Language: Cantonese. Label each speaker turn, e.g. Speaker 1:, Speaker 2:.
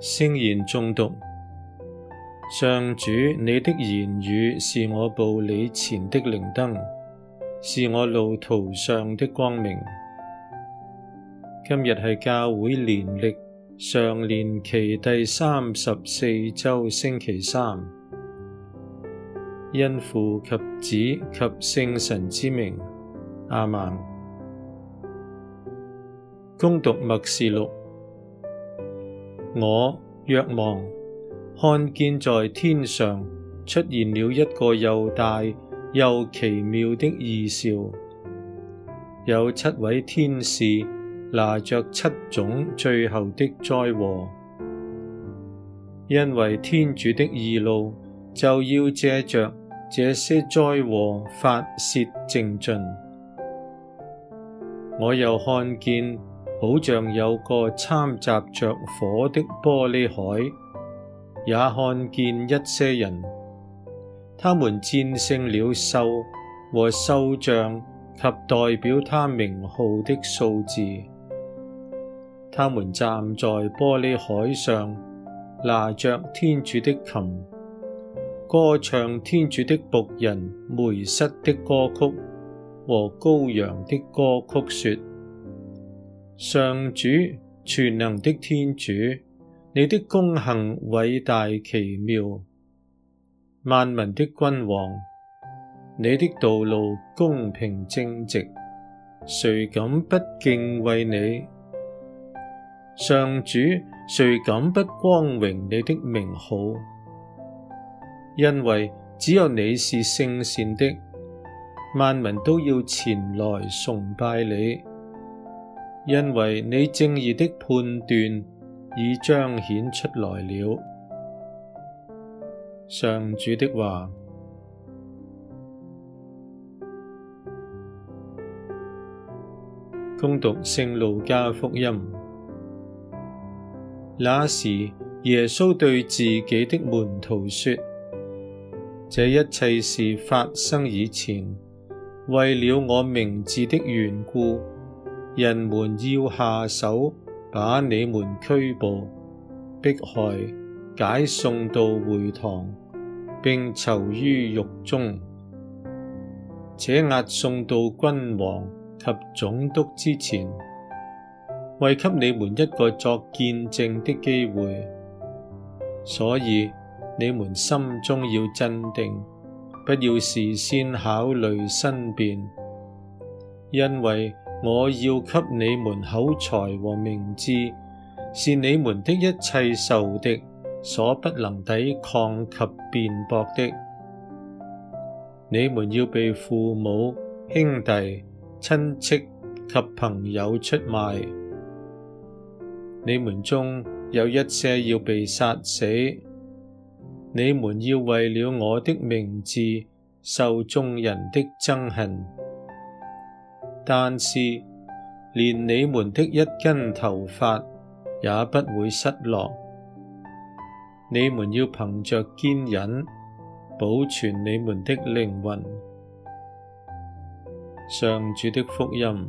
Speaker 1: 聖言誦讀，上主，你的言語是我步履前的靈燈，是我路途上的光明。今日係教會年曆常年期第三十四周星期三，因父及子及聖神之名，亞孟。恭讀默示錄。我，若望，看見在天上出現了一個又大又奇妙的異兆，有七位天使拿着七種最後的災禍，因為天主的義怒就要借着這些災禍發洩淨盡。我又看見。好像有個摻雜着火的玻璃海，也看見一些人，他們戰勝了獸和獸像及代表他名號的數字。他們站在玻璃海上，拿着天主的琴，歌唱天主的僕人梅瑟的歌曲和羔羊的歌曲，說。上主全能的天主，你的功行偉大奇妙，萬民的君王，你的道路公平正直，誰敢不敬畏你？上主，誰敢不光榮你的名號？因為只有你是聖善的，萬民都要前來崇拜你。因為你正義的判斷已彰顯出來了，上主的話。恭讀聖路加福音。那時，耶穌對自己的門徒說：這一切事發生以前，為了我名字的緣故。人們要下手把你們拘捕、迫害、解送到會堂，並囚於獄中，且押送到君王及總督之前，為給你們一個作見證的機會。所以你們心中要鎮定，不要事先考慮申辯，因為。我要給你們口才和明智，是你們的一切仇敵所不能抵抗及辯駁的。你們要被父母、兄弟、親戚及朋友出賣，你們中有一些要被殺死，你們要為了我的名字受眾人的憎恨。但是連你們的一根頭髮也不會失落，你們要憑着堅忍，保存你們的靈魂。上主的福音。